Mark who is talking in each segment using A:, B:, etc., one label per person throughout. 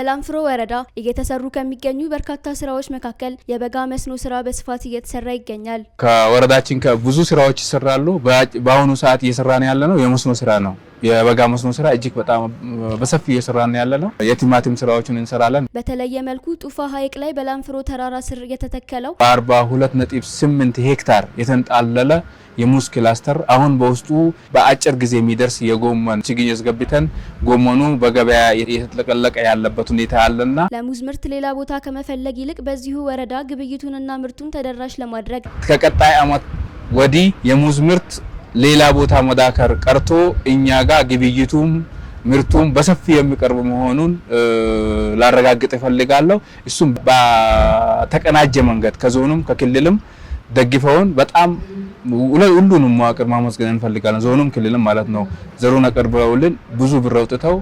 A: በላንፍሮ ወረዳ እየተሰሩ ከሚገኙ በርካታ ስራዎች መካከል የበጋ መስኖ ስራ በስፋት እየተሰራ ይገኛል።
B: ከወረዳችን ከብዙ ስራዎች ይሰራሉ። በአሁኑ ሰዓት እየሰራ ነው ያለ ነው የመስኖ ስራ ነው። የበጋ መስኖ ስራ እጅግ በጣም እየሰራ እየሰራን ያለ ነው። የቲማቲም ስራዎችን እንሰራለን።
A: በተለየ መልኩ ጡፋ ሐይቅ ላይ በላንፍሮ ተራራ ስር የተተከለው
B: በአርባ ሁለት ነጥብ ስምንት ሄክታር የተንጣለለ የሙዝ ክላስተር አሁን በውስጡ በአጭር ጊዜ የሚደርስ የጎመን ችግኝ አስገብተን ጎመኑ በገበያ የተጠቀለቀ ያለበት ሁኔታ አለና
A: ለሙዝ ምርት ሌላ ቦታ ከመፈለግ ይልቅ በዚሁ ወረዳ ግብይቱንና ምርቱን ተደራሽ ለማድረግ
B: ከቀጣይ ዓመት ወዲህ የሙዝ ምርት ሌላ ቦታ መዳከር ቀርቶ እኛ ጋር ግብይቱም ምርቱም በሰፊ የሚቀርብ መሆኑን ላረጋግጥ እፈልጋለሁ። እሱም በተቀናጀ መንገድ ከዞኑም ከክልልም ደግፈውን በጣም ሁሉንም መዋቅር ማመስገን እንፈልጋለን። ዞኑም ክልልም ማለት ነው። ዘሩን አቅርበውልን ብዙ ብር አውጥተው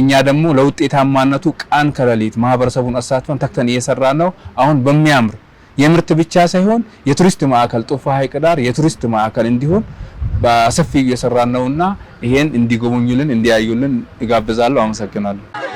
B: እኛ ደግሞ ለውጤታማነቱ ቀን ከሌሊት ማህበረሰቡን አሳትፈን ተክተን እየሰራ ነው። አሁን በሚያምር የምርት ብቻ ሳይሆን የቱሪስት ማዕከል ጦፋ ሐይቅ ዳር የቱሪስት ማዕከል እንዲሆን በሰፊው እየሰራ ነውና ይሄን እንዲጎበኙልን እንዲያዩልን እጋብዛለሁ። አመሰግናለሁ።